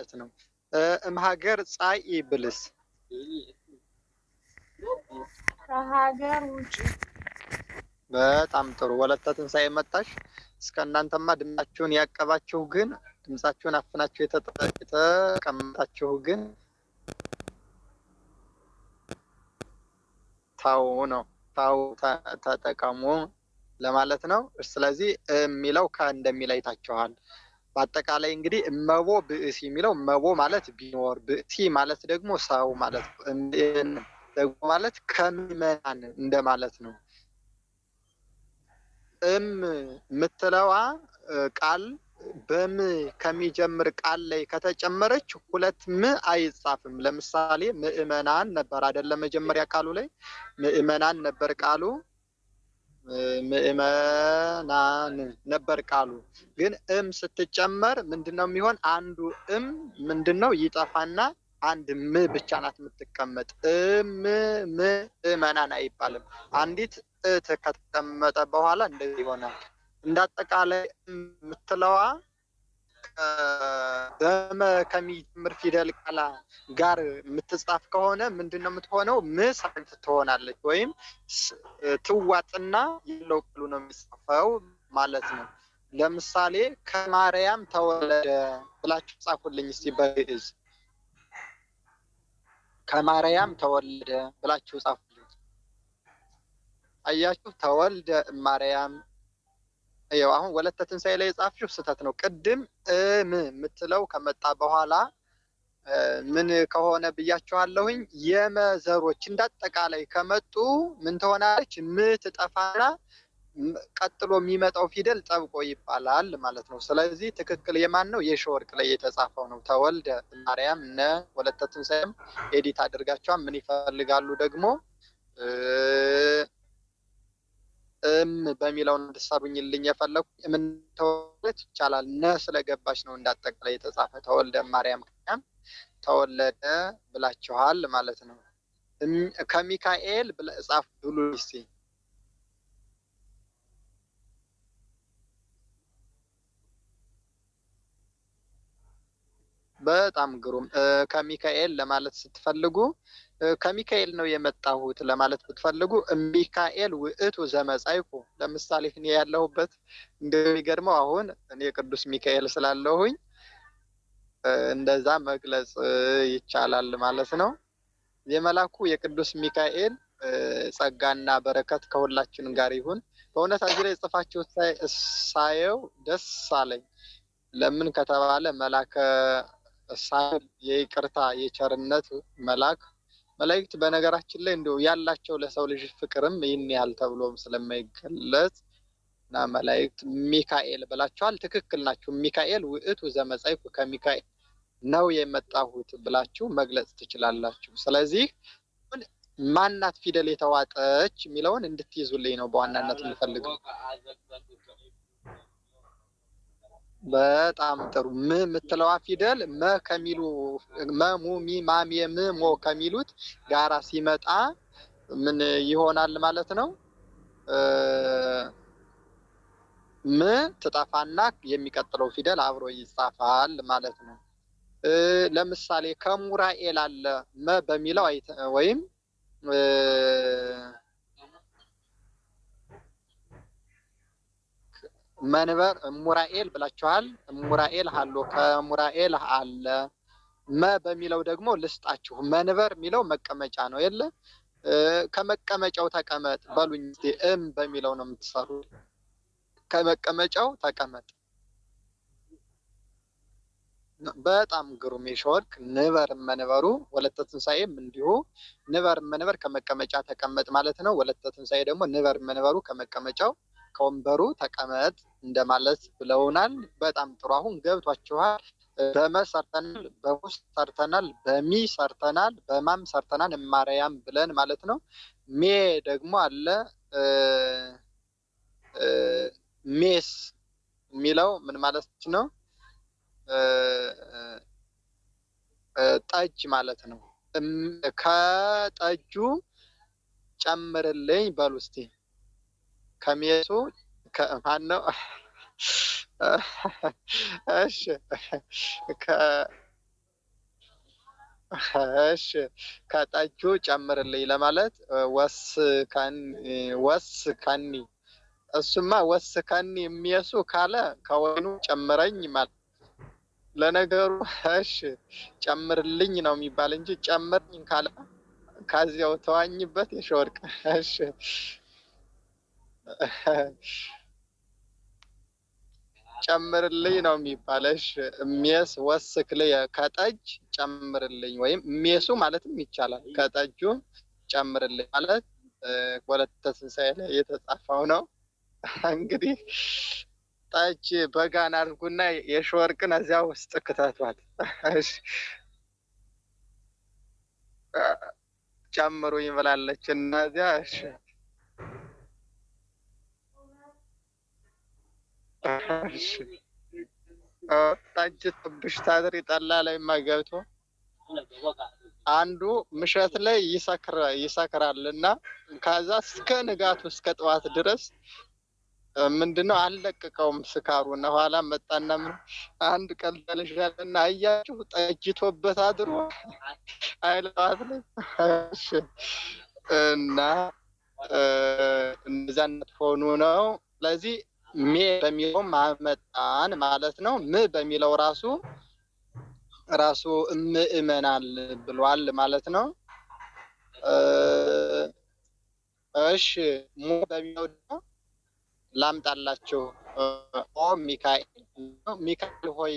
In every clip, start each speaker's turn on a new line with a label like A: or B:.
A: ማለት ነው። እምሀገር ፀይ ብልስ
B: ከሀገር ውጭ።
A: በጣም ጥሩ ወለተ ትንሳኤ መጣሽ። እስከ እናንተማ ድምጻችሁን ያቀባችሁ ግን ድምጻችሁን አፍናችሁ የተቀመጣችሁ ግን ታው ነው ታው ተጠቀሙ ለማለት ነው። ስለዚህ የሚለው ከ እንደሚል አይታችኋል። በአጠቃላይ እንግዲህ እመቦ ብእሲ የሚለው እመቦ ማለት ቢኖር ብእሲ ማለት ደግሞ ሰው ማለት ደግሞ ማለት ከምዕመናን እንደማለት ነው። እም ምትለዋ ቃል በም ከሚጀምር ቃል ላይ ከተጨመረች ሁለት ም አይጻፍም። ለምሳሌ ምእመናን ነበር አይደለም፣ መጀመሪያ ቃሉ ላይ ምእመናን ነበር ቃሉ ምእመናን ነበር ቃሉ። ግን እም ስትጨመር ምንድን ነው የሚሆን? አንዱ እም ምንድን ነው ይጠፋና አንድ ም ብቻ ናት የምትቀመጥ። እም ምእመናን አይባልም። አንዲት እ ከተቀመጠ በኋላ እንደዚህ ይሆናል። እንዳጠቃላይ የምትለዋ በመ ከሚጀምር ፊደል ቃላ ጋር የምትጻፍ ከሆነ ምንድን ነው የምትሆነው? ምሳንት ትሆናለች ወይም ትዋጥና ያለው ቅሉ ነው የሚጻፈው ማለት ነው። ለምሳሌ ከማርያም ተወለደ ብላችሁ ጻፉልኝ እስቲ በግዕዝ ከማርያም ተወለደ ብላችሁ ጻፉልኝ። አያችሁ ተወልደ ማርያም ያው አሁን ወለተ ትንሣኤ ላይ የጻፍሽው ስህተት ነው። ቅድም እም የምትለው ከመጣ በኋላ ምን ከሆነ ብያችኋለሁኝ። የመዘሮች እንዳጠቃላይ ከመጡ ምን ትሆናለች? ምትጠፋና ቀጥሎ የሚመጣው ፊደል ጠብቆ ይባላል ማለት ነው። ስለዚህ ትክክል የማን ነው? የሸወርቅ ላይ የተጻፈው ነው። ተወልደ ማርያም እነ ወለተ ትንሣኤም ኤዲት አድርጋቸዋል። ምን ይፈልጋሉ ደግሞ እም በሚለው እንድሳቡኝልኝ የፈለኩ የምንተወለት ይቻላል ነ ስለገባች ነው እንዳጠቃላይ የተጻፈ ተወልደ ማርያም ክርስቲያን ተወለደ ብላችኋል ማለት ነው። ከሚካኤል ብለጻፍ ብሉ ሲ በጣም ግሩም ከሚካኤል ለማለት ስትፈልጉ ከሚካኤል ነው የመጣሁት ለማለት ብትፈልጉ ሚካኤል ውእቱ ዘመጻይኩ። ለምሳሌ እኔ ያለሁበት እንደሚገድመው አሁን እኔ ቅዱስ ሚካኤል ስላለሁኝ እንደዛ መግለጽ ይቻላል ማለት ነው። የመላኩ የቅዱስ ሚካኤል ጸጋና በረከት ከሁላችን ጋር ይሁን። በእውነት አዚ ላይ ጽፋችሁ ሳየው ደስ አለኝ። ለምን ከተባለ መላከ ሳይል የይቅርታ የቸርነት መላክ መላእክት በነገራችን ላይ እንደው ያላቸው ለሰው ልጅ ፍቅርም ይህን ያህል ተብሎም ስለማይገለጽ እና መላእክት ሚካኤል ብላችኋል። ትክክል ናችሁ። ሚካኤል ውእቱ ዘመጻይኩ ከሚካኤል ነው የመጣሁት ብላችሁ መግለጽ ትችላላችሁ። ስለዚህ ማናት ፊደል የተዋጠች የሚለውን እንድትይዙልኝ ነው በዋናነት የምፈልገው። በጣም ጥሩ ም የምትለዋ ፊደል መ ከሚሉ መሙ ሚ ማሜ ም ሞ ከሚሉት ጋራ ሲመጣ ምን ይሆናል ማለት ነው? ም ትጠፋና የሚቀጥለው ፊደል አብሮ ይጻፋል ማለት ነው። ለምሳሌ ከሙራኤል አለ መ በሚለው ወይም መንበር ሙራኤል ብላችኋል። ሙራኤል ሀሎ ከሙራኤል አለ መ በሚለው ደግሞ ልስጣችሁ። መንበር የሚለው መቀመጫ ነው የለ ከመቀመጫው ተቀመጥ በሉኝ። እም በሚለው ነው የምትሰሩ። ከመቀመጫው ተቀመጥ። በጣም ግሩም የሾወርክ ንበር መንበሩ ወለተ ትንሳኤም እንዲሁ ንበር መንበር ከመቀመጫ ተቀመጥ ማለት ነው። ወለተ ትንሳኤ ደግሞ ንበር መንበሩ ከመቀመጫው ከወንበሩ ተቀመጥ እንደማለት ብለውናል። በጣም ጥሩ። አሁን ገብቷችኋል። በመ ሰርተናል፣ በሙስ ሰርተናል፣ በሚ ሰርተናል፣ በማም ሰርተናል፣ ማርያም ብለን ማለት ነው። ሜ ደግሞ አለ ሜስ የሚለው ምን ማለት ነው? ጠጅ ማለት ነው። ከጠጁ ጨምርልኝ በሉ ከሜሱ ከማን ነው? እሺ ከ እሺ ከጠጁ ጨምርልኝ ለማለት ወስከኒ። እሱማ ወስከኒ የሚየሱ ካለ ከወይኑ ጨምረኝ ማለት ለነገሩ እሺ ጨምርልኝ ነው የሚባል እንጂ ጨምርኝ ካለ ከዚያው ተዋኝበት የሸወድቅ እሺ ጨምርልኝ ነው የሚባለሽ። ሜስ ወስክልየ ከጠጅ ጨምርልኝ፣ ወይም ሜሱ ማለትም ይቻላል። ከጠጁ ጨምርልኝ ማለት ወለተ ትንሣኤ ላይ የተጻፈው ነው። እንግዲህ ጠጅ በጋን አድርጉና የሽወርቅን እዚያ ውስጥ ክተቷል። ጨምሩኝ ብላለች እና እዚያ ጠጅ ጥብሽ ታድር ጠላ ላይ ማገብቶ አንዱ ምሸት ላይ ይሰክራል እና ከዛ እስከ ንጋቱ እስከ ጠዋት ድረስ ምንድነው አልለቅቀውም ስካሩ እና ኋላ መጣና ምን አንድ ቀን ተለሻል እና አያችሁ ጠጅቶበት አድሮ አይለዋት ላይ እና እነዛነት ሆኑ ነው። ስለዚህ ሜ በሚለው መጣን ማለት ነው። ም በሚለው ራሱ ራሱ እምእመናል ብሏል ማለት ነው። እሺ ሙ በሚለው ደግሞ ላምጣላችሁ። ኦ ሚካኤል ሚካኤል ሆይ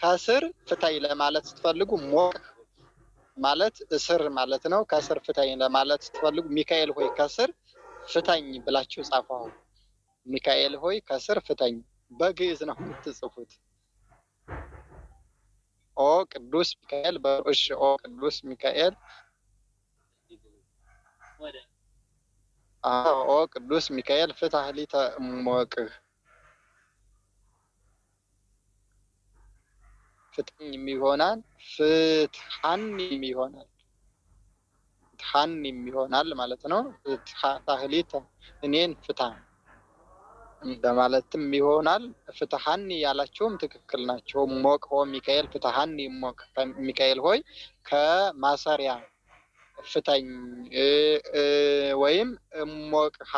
A: ከስር ፍታይ ለማለት ስትፈልጉ ሞቅ ማለት እስር ማለት ነው። ከስር ፍታኝ ለማለት ስትፈልጉ ሚካኤል ሆይ ከስር ፍታኝ ብላችሁ ጻፈው። ሚካኤል ሆይ ከስር ፍተኝ። በግዕዝ ነው የምትጽፉት። ኦ ቅዱስ ሚካኤል በእሺ ኦ ቅዱስ ሚካኤል ኦ ቅዱስ ሚካኤል ፍታህ ሊተ እምወቅህ ፍትኝ የሚሆናል ፍትሐን የሚሆናል ፍትሐን የሚሆናል ማለት ነው። ፍትሐ ታህሊተ እኔን ፍታ በማለትም ይሆናል። ፍትሐኒ ያላችሁም ትክክል ናቸው። ሞቅ ሆ ሚካኤል ፍትሐኒ ሞቅ ሚካኤል ሆይ ከማሰሪያ ፍተኝ ወይም እሞቅሃ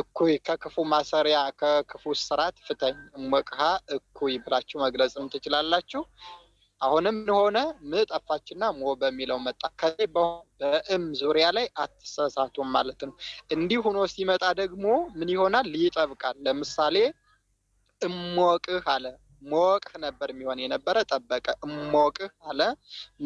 A: እኩይ ከክፉ ማሰሪያ ከክፉ ስራት ፍተኝ እሞቅሃ እኩይ ብላችሁ መግለጽም ትችላላችሁ። አሁንም ሆነ ም ጠፋችና ሞ በሚለው መጣ። ከላይ በእም ዙሪያ ላይ አትሳሳቱም ማለት ነው። እንዲህ ሆኖ ሲመጣ ደግሞ ምን ይሆናል? ይጠብቃል። ለምሳሌ እሞቅህ አለ ሞቅህ ነበር የሚሆን የነበረ ጠበቀ። እሞቅህ አለ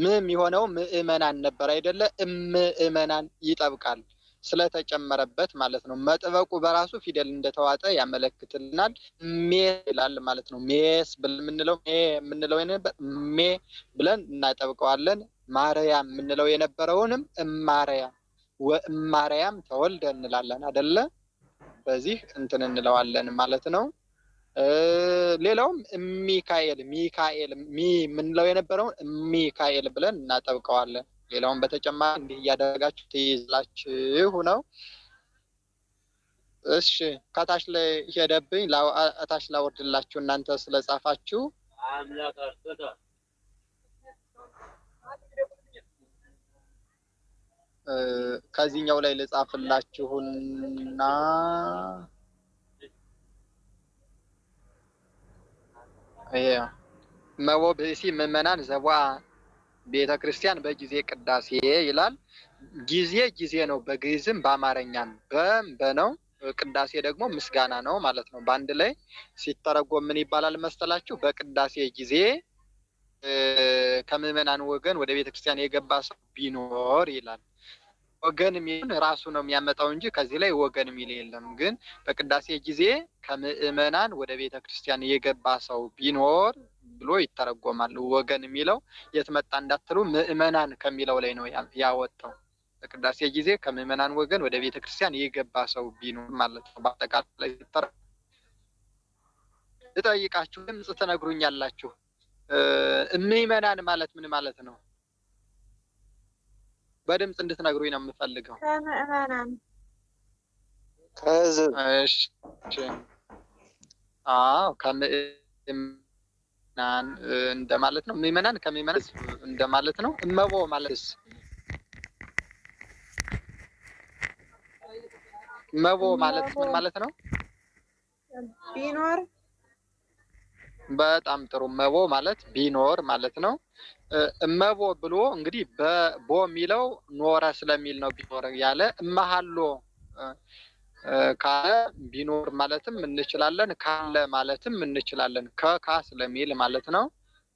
A: ም የሚሆነው ምእመናን ነበር አይደለ? እምእመናን ይጠብቃል። ስለተጨመረበት ማለት ነው። መጥበቁ በራሱ ፊደል እንደተዋጠ ያመለክትልናል። ሜ ይላል ማለት ነው። ሜስ የምንለው ሜ የምንለው ሜ ብለን እናጠብቀዋለን። ማርያም የምንለው የነበረውንም እማርያም ወእማርያም ተወልደ እንላለን አደለ? በዚህ እንትን እንለዋለን ማለት ነው። ሌላውም ሚካኤል ሚካኤል ሚ የምንለው የነበረውን ሚካኤል ብለን እናጠብቀዋለን። ሌላውን በተጨማሪ እንዲህ እያደረጋችሁ ትይዝላችሁ ነው። እሺ ከታች ላይ ሄደብኝ፣ ታች ላወርድላችሁ እናንተ ስለጻፋችሁ ከዚህኛው ላይ ልጻፍላችሁና ይሄ መወብሲ ምዕመናን ዘቧ ቤተ ክርስቲያን በጊዜ ቅዳሴ ይላል። ጊዜ ጊዜ ነው በግዕዝም በአማርኛም በነው። ነው። ቅዳሴ ደግሞ ምስጋና ነው ማለት ነው። በአንድ ላይ ሲተረጎም ምን ይባላል መሰላችሁ? በቅዳሴ ጊዜ ከምዕመናን ወገን ወደ ቤተክርስቲያን የገባ ሰው ቢኖር ይላል። ወገን የሚል ራሱ ነው የሚያመጣው እንጂ ከዚህ ላይ ወገን የሚል የለም። ግን በቅዳሴ ጊዜ ከምዕመናን ወደ ቤተ ክርስቲያን የገባ ሰው ቢኖር ብሎ ይተረጎማል። ወገን የሚለው የት መጣ እንዳትሉ ምእመናን ከሚለው ላይ ነው ያወጣው። በቅዳሴ ጊዜ ከምዕመናን ወገን ወደ ቤተ ክርስቲያን የገባ ሰው ቢኖር ማለት ነው። በአጠቃላይ ሲተረ እጠይቃችሁ ድምፅ ትነግሩኛላችሁ። ምዕመናን ማለት ምን ማለት ነው? በድምፅ እንድትነግሩኝ ነው የምፈልገው። ከምዕመናን ከህዝብ እንደማለት ነው። ምዕመናን ከምዕመናን እንደማለት ነው። እመቦ ማለትስ እመቦ ማለት ምን ማለት ነው? ቢኖር በጣም ጥሩ መቦ ማለት ቢኖር ማለት ነው። እመቦ ብሎ እንግዲህ በቦ የሚለው ኖረ ስለሚል ነው። ቢኖር ያለ እመሃሎ ካለ ቢኖር ማለትም እንችላለን፣ ካለ ማለትም እንችላለን። ከካ ስለሚል ማለት ነው።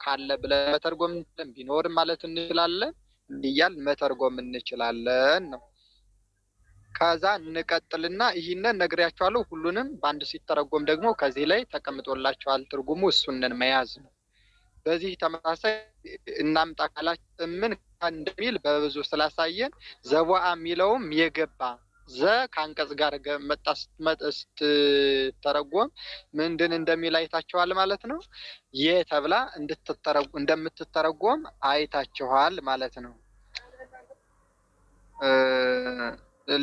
A: ካለ ብለን መተርጎም ቢኖር ማለት እንችላለን። እያል መተርጎም እንችላለን ነው። ከዛ እንቀጥልና ይህንን ነግሬያቸዋለሁ። ሁሉንም በአንድ ሲተረጎም ደግሞ ከዚህ ላይ ተቀምጦላቸዋል። ትርጉሙ እሱንን መያዝ ነው። በዚህ ተመሳሳይ እናምጣ ካላቸው ምን እንደሚል በብዙ ስላሳየን ዘቧአ የሚለውም የገባ ዘ ከአንቀጽ ጋር መጣ ስትተረጎም ምንድን እንደሚል አይታችኋል ማለት ነው። የ ተብላ እንደምትተረጎም አይታችኋል ማለት ነው።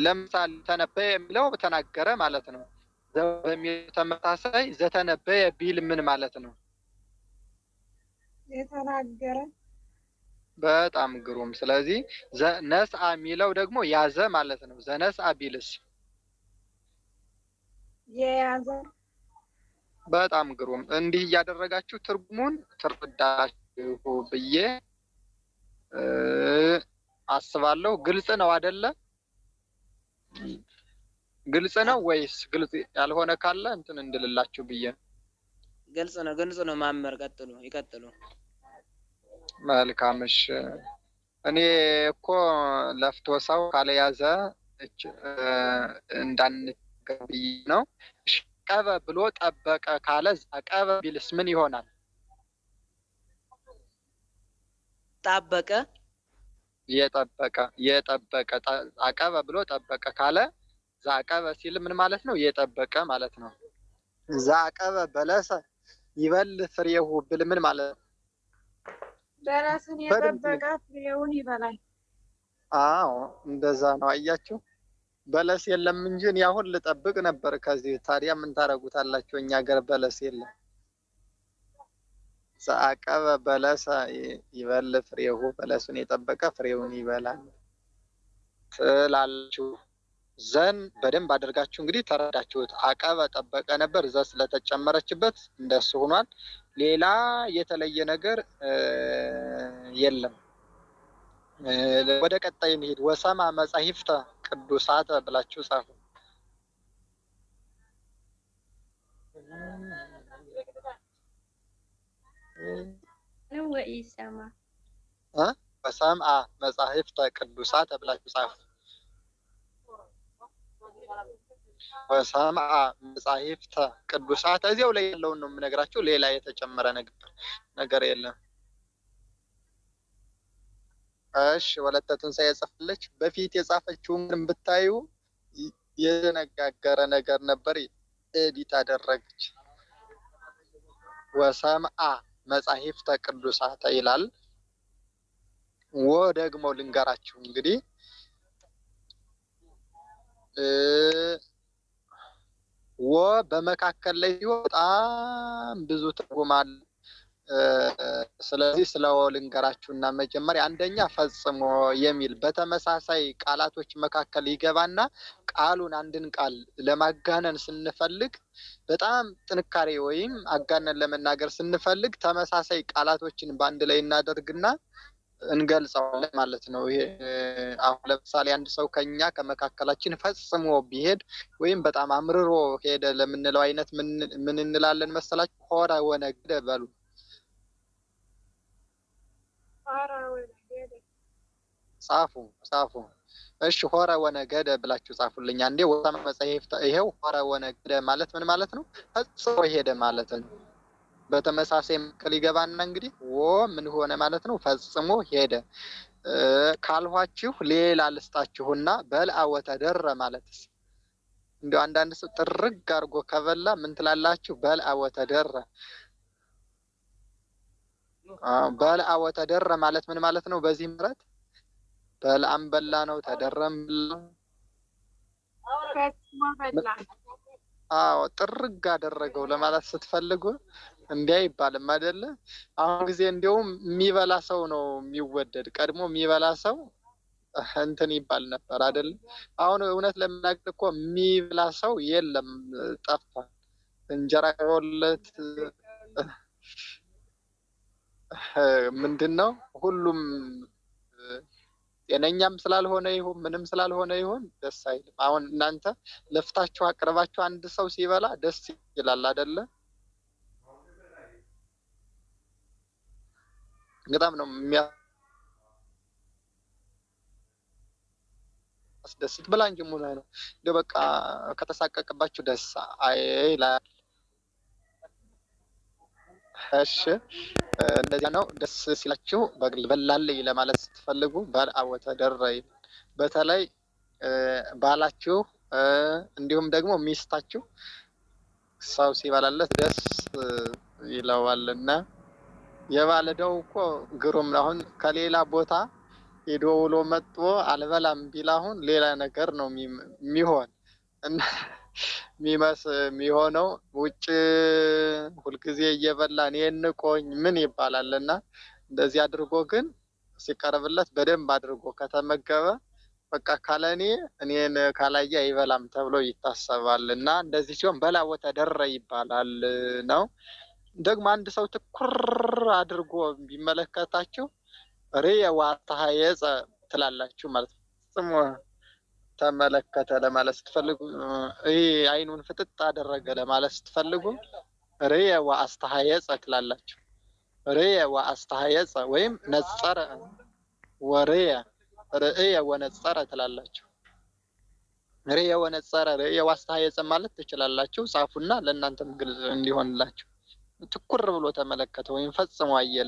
A: ለምሳሌ ተነበየ የሚለው ተናገረ ማለት ነው። በሚለው ተመሳሳይ ዘተነበየ ቢል ምን ማለት ነው? የተናገረ። በጣም ግሩም። ስለዚህ ነስአ የሚለው ደግሞ ያዘ ማለት ነው። ዘነስአ ቢልስ የያዘ። በጣም ግሩም። እንዲህ እያደረጋችሁ ትርጉሙን ትረዳችሁ ብዬ አስባለሁ። ግልጽ ነው አይደለም? ግልጽ ነው ወይስ ግልጽ ያልሆነ ካለ እንትን እንድልላችሁ ብዬ ነው። ግልጽ ነው፣ ግልጽ ነው። ማመር ቀጥሉ፣ ይቀጥሉ። መልካም እሺ። እኔ እኮ ለፍቶ ሰው ካልያዘ እንዳንገር ብዬ ነው። ቀበ ብሎ ጠበቀ ካለ ቀበ ቢልስ ምን ይሆናል? ጣበቀ የጠበቀ የጠበቀ አቀበ ብሎ ጠበቀ ካለ ዛቀበ ሲል ምን ማለት ነው? የጠበቀ ማለት ነው። ዛቀበ በለሰ ይበል ፍሬሁ ብል ምን ማለት ነው? በለስን የጠበቀ ፍሬውን ይበላል። አዎ እንደዛ ነው። አያችሁ በለስ የለም እንጂ እኔ አሁን ልጠብቅ ነበር። ከዚህ ታዲያ ምን ታደርጉታላችሁ? እኛ ሀገር በለስ የለም። አቀበ በለሰ ይበል ፍሬሁ በለሱን የጠበቀ ፍሬውን ይበላል ትላላችሁ ዘን በደንብ አድርጋችሁ እንግዲህ ተረዳችሁት። አቀበ ጠበቀ ነበር፣ ዘ ስለተጨመረችበት እንደሱ ሆኗል። ሌላ የተለየ ነገር የለም። ወደ ቀጣይ መሄድ ወሰማ መጻሕፍተ ቅዱሳተ ብላችሁ ጻፉ። ነው ወይስ በሰምአ መጻሕፍተ ቅዱሳት ተብላችሁ ጻፉ። በሰምአ መጻሕፍተ ቅዱሳት እዚያው ላይ ያለውን ነው የምነግራችሁ። ሌላ የተጨመረ ነገር ነገር የለም። እሺ ወለተ ትንሣኤ ጽፋለች። በፊት የጻፈችውን ግን ብታዩ የነጋገረ ነገር ነበር። ኤዲት አደረገች። ወሰምአ መጻሕፍተ ቅዱሳተ ይላል። ወ ደግሞ ልንገራችሁ እንግዲህ ወ በመካከል ላይ ሲሆን በጣም ብዙ ትርጉም አለ። ስለዚህ ስለ ልንገራችሁና መጀመሪያ አንደኛ ፈጽሞ የሚል በተመሳሳይ ቃላቶች መካከል ይገባና ቃሉን አንድን ቃል ለማጋነን ስንፈልግ በጣም ጥንካሬ ወይም አጋነን ለመናገር ስንፈልግ ተመሳሳይ ቃላቶችን በአንድ ላይ እናደርግና እንገልጸዋለን ማለት ነው። ይሄ አሁን ለምሳሌ አንድ ሰው ከኛ ከመካከላችን ፈጽሞ ቢሄድ ወይም በጣም አምርሮ ሄደ ለምንለው አይነት ምን እንላለን መሰላችሁ? ሆረ ወነግደ በሉ ጻፉ ጻፉ። እሺ ሆረ ወነገደ ብላችሁ ጻፉልኝ አንዴ። ወሰመ መጽሐፍ ይሄው ሆረ ወነገደ ማለት ምን ማለት ነው? ፈጽሞ ሄደ ማለት ነው። በተመሳሳይ መከል ይገባና እንግዲህ ወ ምን ሆነ ማለት ነው? ፈጽሞ ሄደ ካልኋችሁ ሌላ ልስጣችሁና በልአ ወተደረ ማለትስ እንዲያው አንዳንድ ሰው ጥርግ አድርጎ ከበላ ምን ትላላችሁ? በልአ ወተደረ በልአ ወተደረ ማለት ምን ማለት ነው? በዚህ ምረት በልአም በላ ነው፣ ተደረም አዎ ጥርግ አደረገው ለማለት ስትፈልጉ እንዲህ አይባልም አይደለ? አሁን ጊዜ እንዲሁም የሚበላ ሰው ነው የሚወደድ። ቀድሞ የሚበላ ሰው እንትን ይባል ነበር አይደለ? አሁን እውነት ለምናገር እኮ የሚበላ ሰው የለም፣ ጠፍቷል። እንጀራ የወለት ምንድን ነው ሁሉም ጤነኛም ስላልሆነ ይሁን ምንም ስላልሆነ ይሁን ደስ አይልም። አሁን እናንተ ለፍታችሁ አቅርባችሁ አንድ ሰው ሲበላ ደስ ይላል አይደለ? በጣም ነው የሚያስደስት። ብላ እንጂ ነው እንደ በቃ ከተሳቀቅባችሁ ደስ አይላል። እሺ እንደዚያ ነው። ደስ ሲላችሁ በግል ለማለት ስትፈልጉ ባል አወተ ደረይ በተለይ ባላችሁ እንዲሁም ደግሞ ሚስታችሁ ሰው ሲበላለት ደስ ይለዋልና የባለደው እኮ ግሩም ነው። አሁን ከሌላ ቦታ ሄዶ ውሎ መጥቶ አልበላም ቢል አሁን ሌላ ነገር ነው የሚሆን የሚሆነው ውጭ ሁልጊዜ እየበላን ይህን ቆኝ ምን ይባላል እና እንደዚህ አድርጎ ግን ሲቀርብለት በደንብ አድርጎ ከተመገበ በቃ ካለኔ እኔን ካላየ አይበላም ተብሎ ይታሰባል እና እንደዚህ ሲሆን በላወተ ደረ ይባላል ነው። ደግሞ አንድ ሰው ትኩር አድርጎ ቢመለከታችሁ ሬ ዋታ የጸ ትላላችሁ ማለት ነው። ተመለከተ ለማለት ስትፈልጉ ይህ አይኑን ፍጥጥ አደረገ ለማለት ስትፈልጉ ርየ ወአስተሐየፀ ትላላችሁ። ርየ ወአስተሐየፀ ወይም ነጸረ ወርየ ርእየ ወነጸረ ትላላችሁ። ርየ ወነጸረ ርእየ ወአስተሐየፀ ማለት ትችላላችሁ። ጻፉና ለእናንተም ግልጽ እንዲሆንላችሁ። ትኩር ብሎ ተመለከተ ወይም ፈጽሞ አየለ።